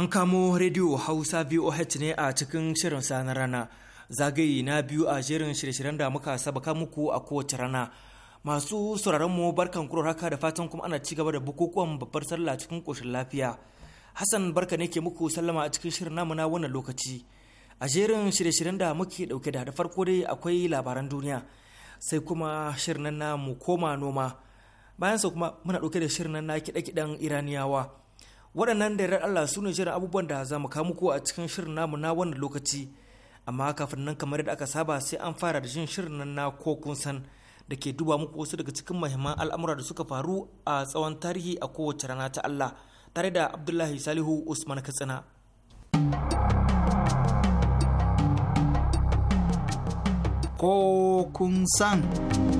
An kamo rediyo Hausa VOH ne a cikin shirin na rana zagaye na biyu a jerin shirye-shiryen da muka sabaka muku a kowace rana. Masu sauraron mu barkan kuro haka da fatan kuma ana ci gaba da bukukuwan babbar sallah cikin koshin lafiya. Hassan barka ne ke muku sallama a cikin shirin namu na wannan lokaci. A jerin shirye-shiryen da muke dauke da da farko dai akwai labaran duniya sai kuma shirin na mu koma noma. Bayan sa kuma muna dauke da shirin na kiɗe-kiɗen Iraniyawa. waɗannan da yarar Allah su ne shirin abubuwan da za mu kamu ko a cikin shirin namu na wannan lokaci amma kafin nan kamar yadda aka saba sai an fara da jin shirin nan na ko kun san da ke duba muku wasu daga cikin mahimman al'amura da suka faru a tsawon tarihi a kowace rana ta Allah tare da Abdullahi Salihu Usman Katsina. Ko kun san.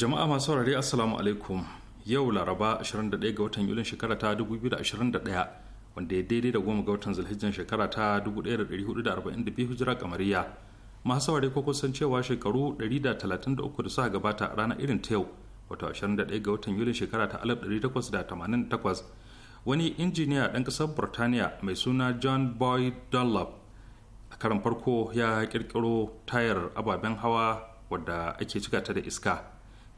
jama'a masu saurare assalamu alaikum yau laraba 21 ga watan yulin shekara ta 2021 wanda ya daidai da goma ga watan zulhijjan shekara ta 1442 hijira kamariya masu saurare ko kusan cewa shekaru 133 da suka gabata a ranar irin ta yau wato 21 ga watan yulin shekara ta 1888 wani injiniya ɗan ƙasar burtaniya mai suna john boyd dunlop a karan farko ya kirkiro tayar ababen hawa wadda ake cika ta da iska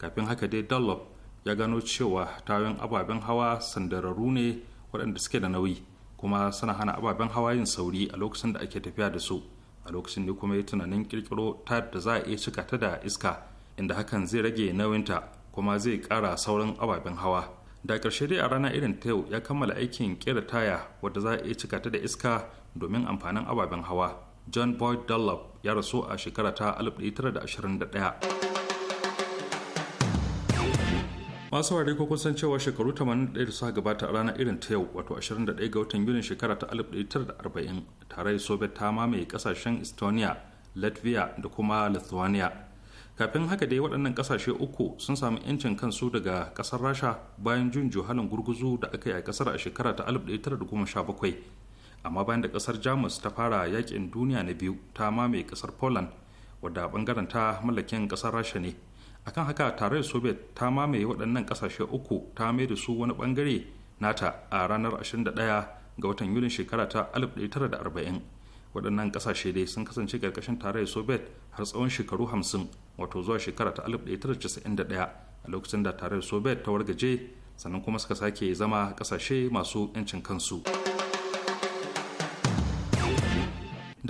kafin haka dai dunlop ya gano cewa tayoyin ababen hawa sandararu ne waɗanda suke da nauyi kuma suna hana ababen hawa yin sauri a lokacin da ake tafiya da su a lokacin ne kuma ya tunanin kirkiro ta da za a iya cika ta da iska inda hakan zai rage nauyinta kuma zai kara sauran ababen hawa da ƙarshe dai a rana irin ta yau ya kammala aikin ƙera taya wadda za a iya cika ta da iska domin amfanin ababen hawa john boyd dunlop ya rasu a shekara ta 1921 masu ware ko kusan cewa shekaru 81 da suka gabata a ranar irin ta yau wato 21 ga watan yulin shekara ta 1940 tare soviet ta mamaye kasashen estonia latvia da kuma lithuania kafin haka dai waɗannan ƙasashe uku sun samu 'yancin kansu daga ƙasar rasha bayan jin juhalin gurguzu da aka yi a ƙasar a shekara ta 1917 amma bayan da ƙasar jamus ta fara yakin duniya na biyu ta mamaye ƙasar poland wadda bangaren ta mallakin ƙasar rasha ne akan haka tarayyar soviet ta mamaye waɗannan ƙasashe uku ta mai da su wani ɓangare nata a ranar 21 ga watan yulin shekara ta 1940 waɗannan ƙasashe dai sun kasance ƙarƙashin tarayyar soviet har tsawon shekaru 50 wato zuwa shekara ta 1991 a lokacin da tarayyar soviet ta wargaje sannan kuma suka sake zama ƙasashe masu 'yancin kansu.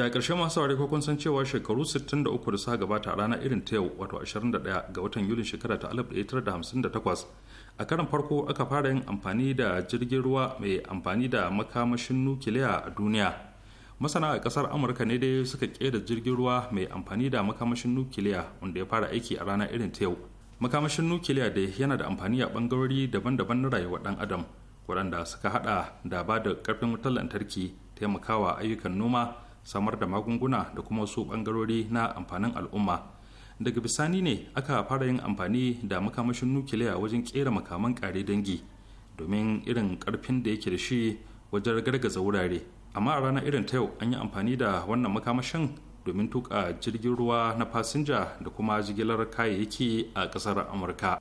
da ƙarshe masu saurari ko kun san cewa shekaru 63 da suka gabata a rana irin ta yau wato 21 ga watan yulin shekara ta 1958 a karin farko aka fara yin amfani da jirgin ruwa mai amfani da makamashin nukiliya a duniya masana a kasar amurka ne dai suka kera jirgin ruwa mai amfani da makamashin nukiliya wanda ya fara aiki a rana irin ta yau makamashin nukiliya da yana da amfani a bangarori daban-daban na rayuwa dan adam waɗanda suka hada da ba da karfin wutar lantarki taimakawa ayyukan noma samar da magunguna da kuma wasu bangarori na amfanin al'umma daga bisani ne aka fara yin amfani da makamashin nukiliya wajen kera makaman kare dangi domin irin karfin da yake da shi wajen gargaza wurare amma a ranar irin ta yau an yi amfani da wannan makamashin domin tuka jirgin ruwa na fasinja da kuma jigilar kayayyaki a ƙasar amurka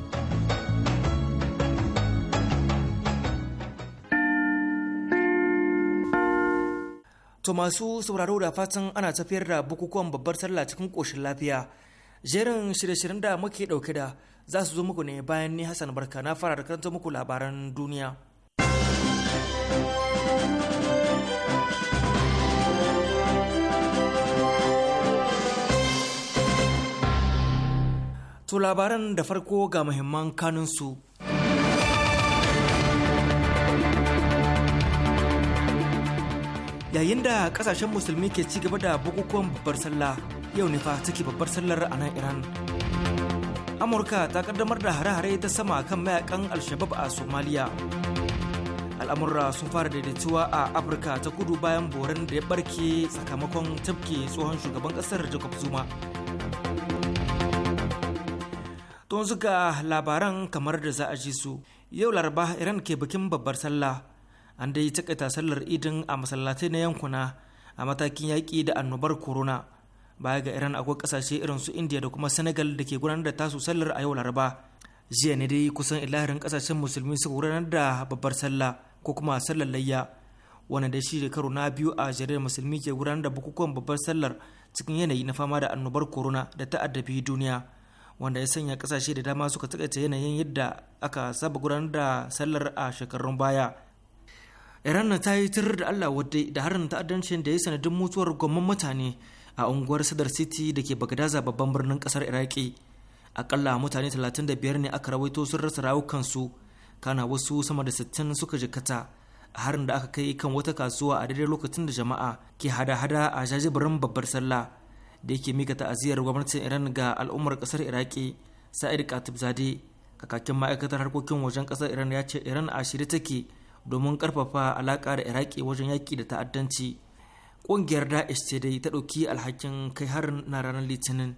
To masu sauraro da fatan ana tafiyar da bukukuwan babbar sallah cikin koshin lafiya. Jerin shirye-shiryen da muke dauke da za su zo muku ne bayan ni Hassan Barka na fara da karanta muku labaran duniya. To labaran da farko ga muhimman kanunsu. yayin da kasashen musulmi ke ci gaba da bukukuwan babbar sallah yau ne fa take babbar sallar a nan iran amurka ta kaddamar da hare-hare ta sama kan mayakan alshabab a somaliya al'amurra sun fara daidaituwa a afirka ta kudu bayan boran da ya barke sakamakon tafke tsohon shugaban kasar jacob zuma don suka labaran kamar da za a ji su yau laraba iran ke bikin babbar sallah an dai takaita sallar idin a masallatai na yankuna a matakin yaƙi da annobar corona baya ga iran akwai ƙasashe irin su india da kuma senegal da ke gudanar da tasu sallar a yau laraba jiya ne dai kusan ilahirin ƙasashen musulmi suka gudanar da babbar sallah ko kuma sallar layya wanda dai shi karo na biyu a jaridar musulmi ke gudanar da bukukuwan babbar sallar cikin yanayi na fama da annobar corona da ta addabi duniya wanda ya sanya kasashe da dama suka takaita yanayin yadda aka saba gudanar da sallar a shekarun baya iran ta yi tirar da allah wadda da harin ta'addancin da ya sanadin mutuwar gwamman mutane a unguwar sadar city da ke bagadaza babban birnin kasar iraki akalla mutane 35 ne aka rawaito sun rasa rayukansu kana wasu sama da 60 suka jikata a harin da aka kai kan wata kasuwa a daidai lokacin da jama'a ke hada-hada a jajibirin babbar sallah da yake mika ta'aziyar gwamnatin iran ga al'ummar kasar iraki sa'id katib zade kakakin ma'aikatar harkokin wajen kasar iran ya ce iran a shirye take domin karfafa alaka da iraki wajen yaki da ta'addanci ƙungiyar daesh ce dai ta ɗauki alhakin kai har na ranar litinin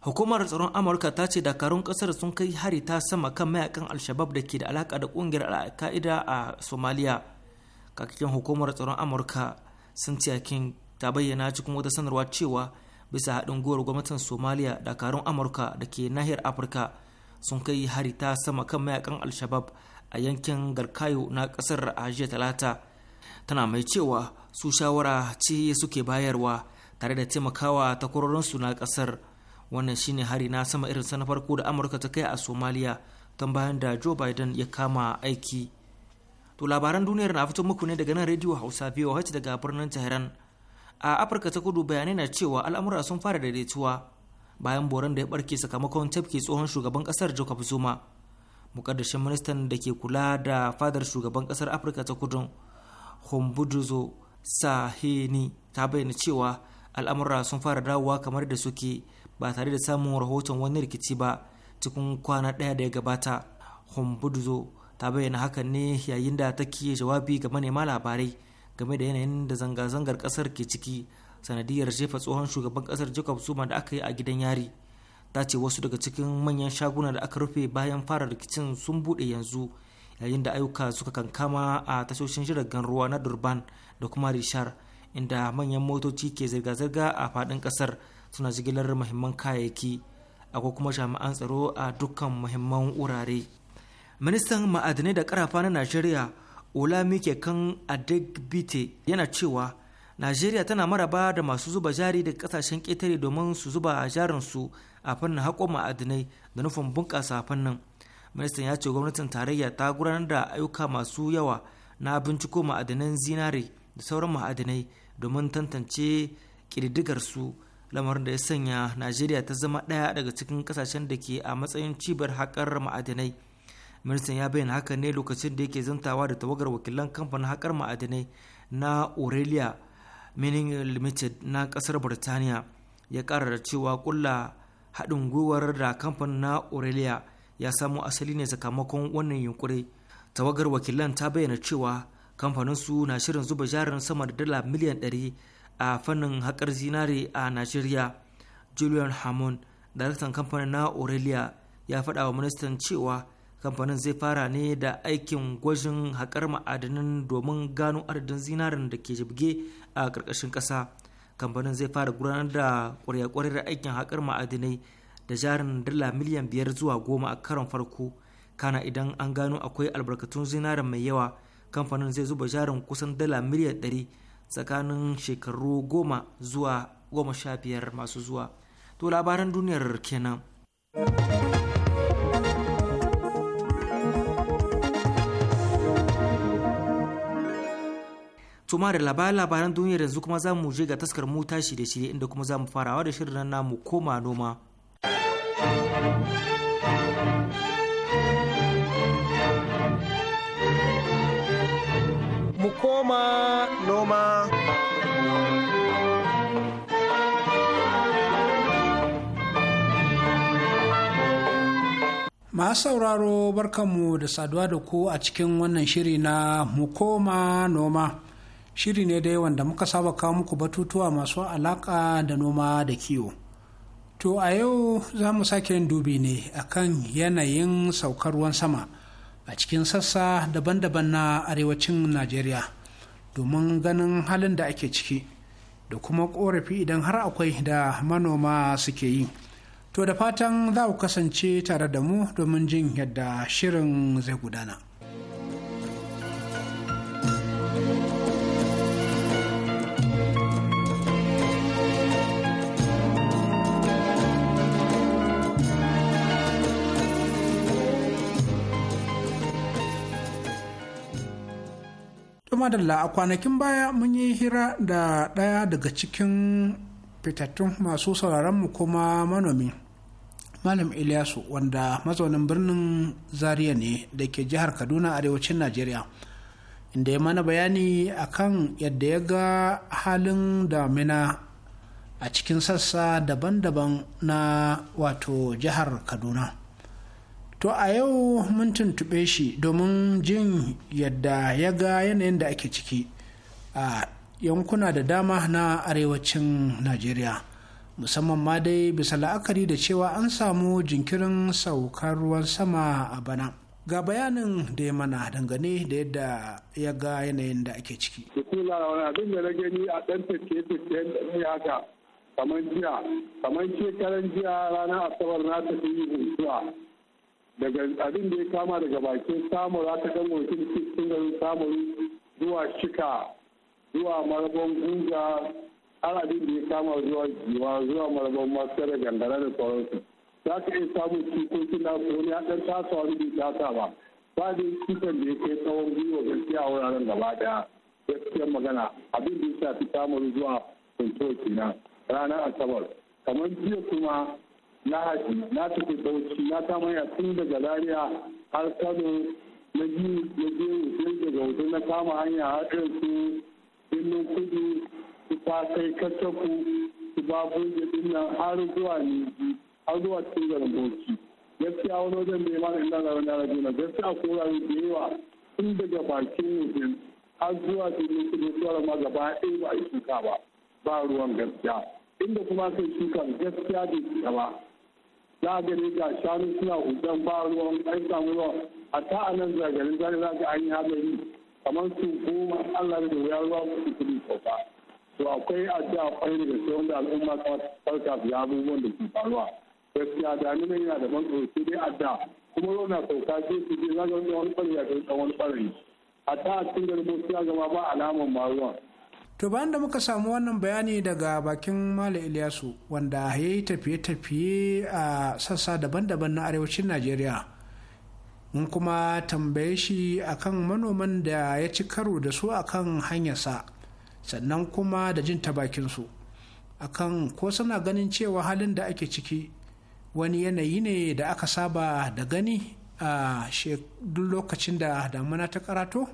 hukumar tsaron amurka ta ce dakarun kasar sun kai hari ta sama kan mayakan alshabab da ke da alaka da kungiyar ka'ida a somaliya kakakin hukumar tsaron amurka cynthia king ta bayyana cikin wata sanarwa cewa bisa haɗin gwiwar gwamnatin somaliya dakarun amurka da ke nahiyar afirka sun kai hari ta sama kan mayakan alshabab a yankin garkayo na kasar ajiya talata tana mai cewa su shawara ce suke bayarwa tare da taimakawa ta su na kasar wannan shine hari na sama su na farko da amurka ta kai a somaliya don bayan da joe biden ya kama aiki to labaran duniyar na fito muku ne daga nan rediyo hausa voh daga birnin tehran a afirka ta kudu bayanai na cewa al'amura sun fara daidaituwa bayan boran da ya barke sakamakon tafke tsohon shugaban kasar jacob zuma mukaddashin ministan da ke kula da fadar shugaban kasar afirka ta kudun hombuduzo saheni ta bayyana cewa al'amura sun fara dawowa kamar da suke ba tare da samun rahoton wani rikici ba cikin kwana ɗaya da ya gabata hombuduzo ta bayyana hakan ne yayin da take jawabi ga manema labarai game da yanayin da zanga-zangar kasar ke ciki sanadiyar jefa tsohon shugaban kasar jacob zuma da aka yi a gidan yari ta ce wasu daga cikin manyan shaguna da aka rufe bayan fara rikicin sun bude yanzu yayin da ayyuka suka kankama a tashoshin jiragen ruwa na durban da kuma rishar inda manyan motoci ke zirga-zirga a fadin kasar suna jigilar muhimman kayayyaki akwai kuma jami'an tsaro a dukkan muhimman wurare ministan ma'adinai da karafa na najeriya olamike kan adegbite yana cewa najeriya tana maraba da masu zuba jari daga kasashen ƙetare domin su zuba jarinsu a fannin haƙon ma'adinai da nufin bunƙasa fannin ministan ya ce gwamnatin tarayya ta gudanar da ayyuka masu yawa na binciko ma'adinan zinare da sauran ma'adinai domin tantance ƙididdigarsu lamarin da ya sanya najeriya ta zama ɗaya daga cikin kasashen da ke a matsayin cibiyar haƙar ma'adinai ministan ya bayyana haka ne lokacin da yake zantawa da tawagar wakilan kamfanin haƙar ma'adinai na aurelia mining limited na kasar birtaniya ya kara da cewa kulla haɗin gwiwar da kamfanin na aurelia ya samo asali ne sakamakon wannan yunkuri tawagar wakilan ta bayyana cewa kamfanin su na shirin zuba jarin sama da dala miliyan 100 a fannin haƙar zinare a nigeria julian hamon daraktan kamfanin na aurelia ya faɗa wa ministan cewa kamfanin zai fara ne da aikin gwajin haƙar ma'adanin domin gano adadin zinarin da ke jibge a ƙarƙashin ƙasa kamfanin zai fara gudanar da ƙwarya-ƙwarya aikin haƙar ma'adinai da jarin dala miliyan biyar zuwa goma a karon farko kana idan an gano akwai albarkatun zinarin mai yawa kamfanin zai zuba jarin kusan dala miliyan ɗari tsakanin shekaru goma zuwa goma sha biyar masu zuwa to labaran duniyar kenan. to ma da labaran labaran duniyar yanzu kuma za mu je ga taskar mu tashi da shirye inda kuma za mu farawa da shirin namu koma noma mu koma noma masu sauraro barkanmu da saduwa da ku a cikin wannan shiri na mukoma noma shiri ne da yawan da muka saba kawo muku batutuwa masu alaka da noma da kiwo to a yau za mu sake yin dubi ne akan yanayin saukar ruwan sama a cikin sassa daban-daban na arewacin najeriya domin ganin halin da ake ciki da kuma korafi idan har akwai da manoma suke yi to da fatan za ku kasance tare da mu domin jin yadda shirin zai gudana madalla a kwanakin baya mun yi hira da ɗaya daga cikin fitattun masu mu kuma manomi malam iliyasu wanda mazaunin birnin zaria ne da ke jihar kaduna arewacin najeriya inda ya mana bayani akan yadda ya ga halin damina a cikin sassa daban-daban na wato jihar kaduna to a yau mun tuntuɓe shi domin jin yadda ya ga yanayin da ake ciki a yankuna da dama na arewacin najeriya musamman ma dai bisa la'akari da cewa an samu jinkirin saukar ruwan sama a bana ga bayanin da ya mana dangane da yadda ya ga yanayin da ake ciki. abin a ɗan kamar jiya kamar shekaran jiya ranar asabar na tafi zuwa daga abin da ya kama daga bakin za ta gan wakil cikin garin samu zuwa shika zuwa marabon guga har abin da ya kama zuwa jiwa zuwa marabon maskara gangara da sauransu za ka iya samun cikokin na wani haɗar dan tasa wani bai tasa ba ba da cikin da ya kai tsawon gwiwa gaskiya a wuraren gaba daya gaskiyar magana abin da ya shafi samuru zuwa kuntuwa ranar asabar kamar jiya kuma na haji na tafi bauchi na ta ya tun daga zaria har kano na biyu na biyu sai daga hoto na kama hanya har su birnin kudu su fasai kataku su babun da nan har zuwa ne har zuwa cikin garin bauchi gaskiya wani wajen da ya mana ina da wani arabi na gaskiya ko rayu da yawa tun daga bakin wajen har zuwa cikin kudu zuwa ma gaba ɗaya ba a shuka ba ba ruwan gaskiya inda kuma kai shuka gaskiya da shi ba za gani da shanu suna hudan ba ruwan an samu ruwa a ta a nan zagarin zagarin za ga an yi hadari kamar su goma allah da wuya ruwa su kudi sauka to akwai addu'a kwarai da gaske wanda al'umma ta farka biya abubuwan da su faruwa gaskiya da nuna yana da banko sai dai adda kuma ruwa na sauka sai su je zaga wani ɓarya ga wani ɓarri a ta a cikin garin musu ya gama ba alamar maruwa To bayan da muka samu wannan bayani daga bakin Malam Ilyasu wanda ya yi tafiye-tafiye a sassa daban-daban na arewacin Najeriya. Mun kuma tambaye shi akan manoman da ya ci karo da su akan hanyarsa sannan kuma da jin ta bakinsu akan ko suna ganin cewa halin da ake ciki wani yanayi ne da aka saba da gani a duk lokacin da damuna ta karato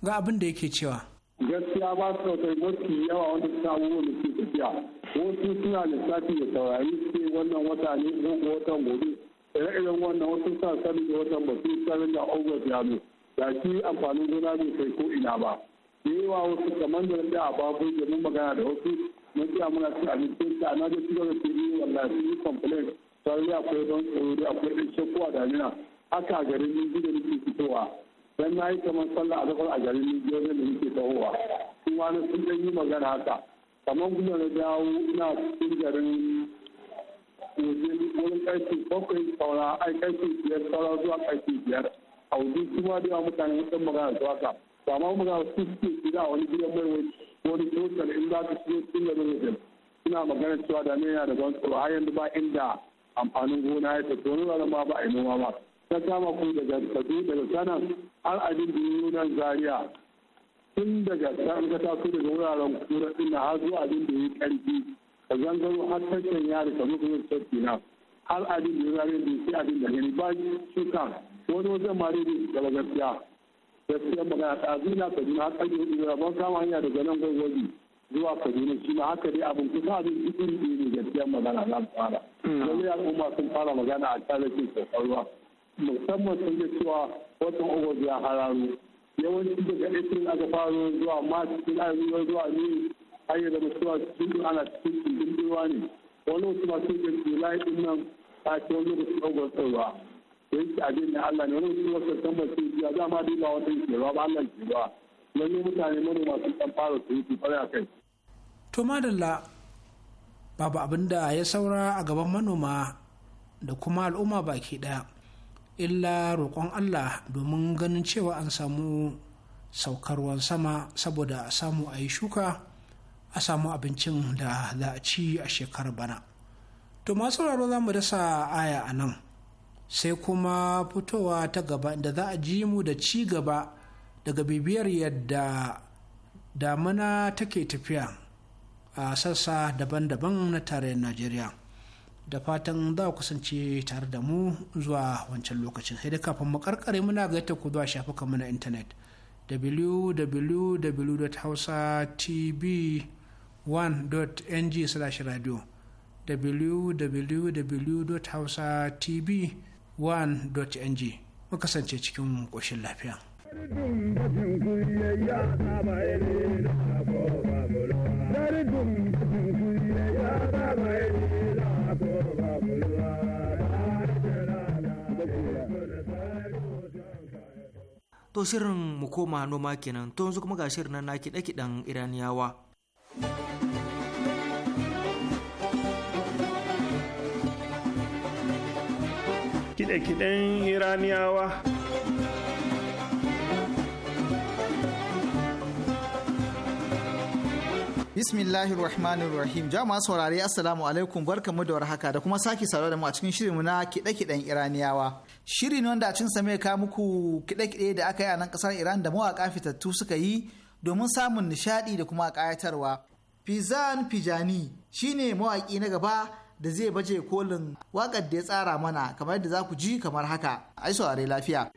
ga abin da yake cewa. gaskiya ba su da mafi yawa wanda su abubuwan wani su tafiya wasu suna lissafi da saurari suke wannan wata ne ko watan gobe ire-iren wannan wasu sa sani da watan ba su da august ya zo da shi amfanin gona bai kai ko ina ba da yawa wasu kamar da a babu da mun magana da wasu mun tsaya muna a cikin ta na ga shi da su yi wallahi su yi complain sarari akwai don tsoro akwai ɗan shakkuwa da nuna haka garin yin gidan ke fitowa dan na yi kamar sallah a zafar a garin Nijiyar da nake tahowa sun wani sun yi magana haka kamar gudu na dawo ina cikin garin wurin karfe bakwai saura ai karfe biyar saura zuwa karfe biyar a wajen kuma da yawa mutane sun magana zuwa ka ba ma magana su suke gida wani gidan mai wani tosar in za ka shigo cikin garin wajen suna magana cewa da ne yana da ban tsoro har yanzu ba inda amfanin gona ya tafi wani ma ba a yi noma ba ta kama ku daga kadu daga sanan har abin da yi nan zariya tun daga sa'an ka taso daga wuraren kura ina har zuwa abin da yi karfi ka zangaro har tashin yari ka mutu yin tafi na har abin da yi zaria da yi abin da gani ba shuka wani wajen ma da daga gaskiya gaskiya magana ta zina kaduna har ƙarfi hudu da ban kama hanya daga nan gwagwaji zuwa kaduna shi ma haka dai abin kusa abin iri ne gaskiya magana na su fara. Hmm. Lallai al'umma sun fara magana a kyalakin sauƙar musamman sun ga cewa watan ogogi ya hararu yawanci daga april aka faro zuwa march cikin arewa zuwa ne har yi zama cewa cikin ana cikin cikin ruwa ne wani wasu masu da july din nan a ce wani lokaci ogos ɗin ruwa da yake abin da allah ne wani wasu wasu september ce biya za ma duba wata ke ruwa ba allah ke ruwa lalle mutane manoma sun kan fara su yi kwarai a kai. to madalla babu abin da ya saura a gaban manoma da kuma al'umma baki ɗaya illa roƙon allah domin ganin cewa an samu saukarwan sama saboda a samu a shuka a samu abincin da za a ci a shekarar bana to masu sauraro za mu dasa aya a nan sai kuma fitowa ta gaba da za a ji mu da ci gaba daga bibiyar yadda damuna take tafiya a sassa daban-daban na tarayyar najeriya da fatan za ku kasance tare da mu zuwa wancan lokacin sai da kafin mu karkare muna ga yadda ku zuwa shafukan mu na intanet www.hausatv1.ng/radio www.hausatv1.ng mu kasance cikin ƙoshin lafiya. Dari dum to shirin mu koma noma kenan to yanzu kuma ga shirin nan na daki dan iraniyawa kiɗe iraniyawa Bismillahir Rahmanir Rahim. Jama'a saurare Assalamu alaikum barkamu da warhaka da kuma sake saurari da mu a cikin shirinmu na kiɗe-kiɗen Iraniyawa. shirin ne wanda a cikin same ka muku kiɗe-kiɗe da aka yi a nan kasar Iran da mawaka fitattu suka yi domin samun nishadi da kuma kayatarwa. Fizan Fijani shine mawaki na gaba da zai baje kolin wakar da ya tsara mana kamar yadda za ku ji kamar haka. Ai saurari lafiya.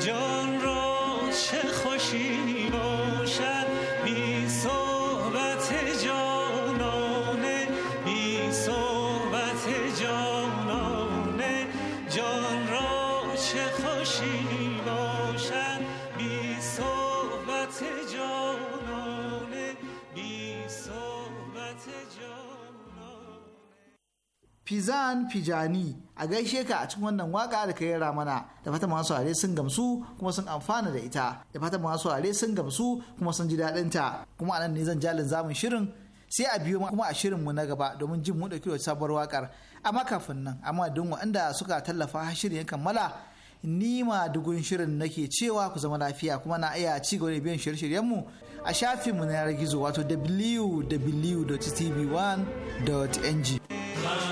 جان را چه خوشی باشد بی صحبت جانانه بی صحبت جانانه جان را چه خوشی باشد بی صحبت جانانه بی صحبت جانانه پیزن پیجانی a gaishe ka a cikin wannan waka da ka yara mana da fatan masu aure sun gamsu kuma sun amfana da ita da fatan masu aure sun gamsu kuma sun ji daɗin ta kuma anan ne zan jalin zamun shirin sai a biyo kuma a shirin mu na gaba domin jin mu dauki sabuwar wakar amma kafin nan amma don waɗanda suka tallafa shirin ya kammala nima ma dugun shirin nake cewa ku zama lafiya kuma na iya ci gaba da biyan shirye mu a shafin mu na yanar gizo wato www.tv1.ng.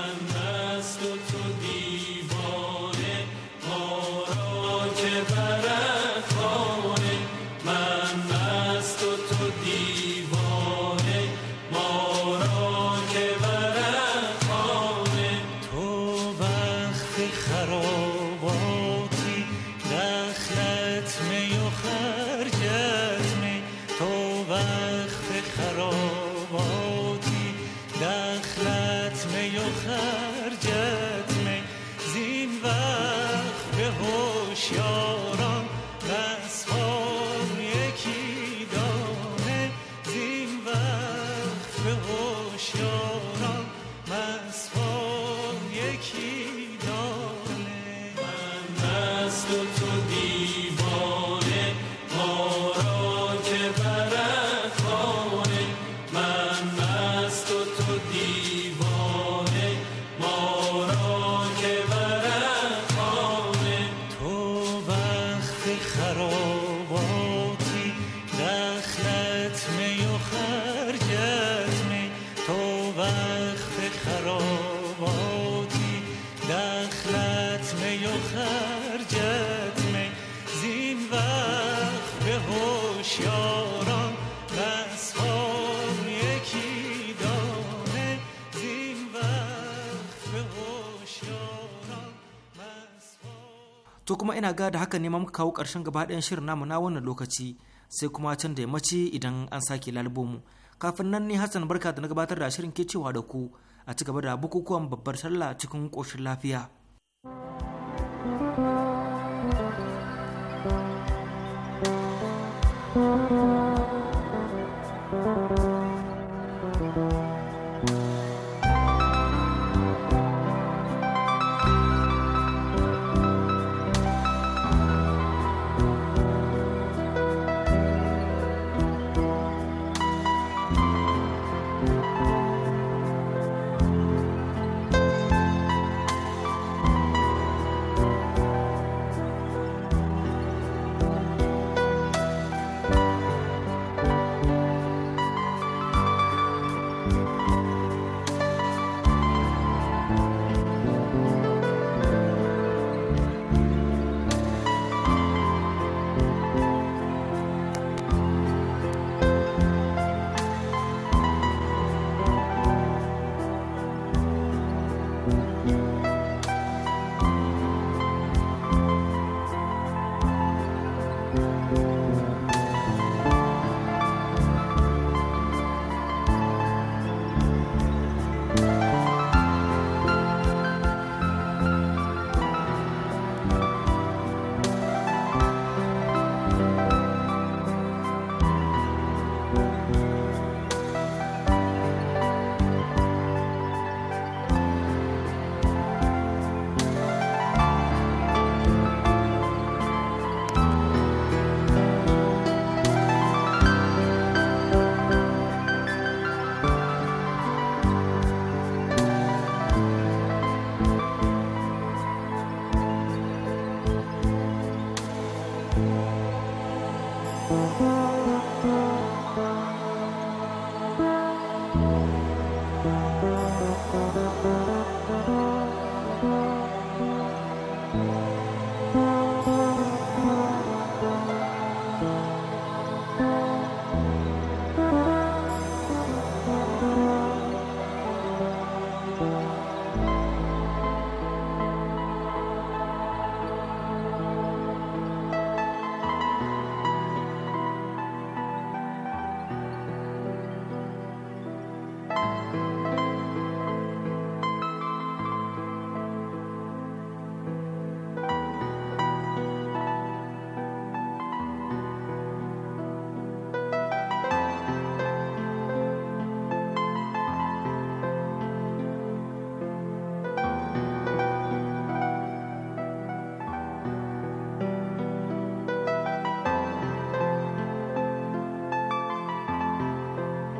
ina ga da haka ne muka kawo ƙarshen gaba ɗayan shirin namu na wannan lokaci sai kuma can da yammaci idan an sake lalubo mu kafin nan ni Hassan barka da na gabatar da shirin ke cewa da ku a ci gaba da bukukuwan babbar sallah cikin koshin lafiya. thank you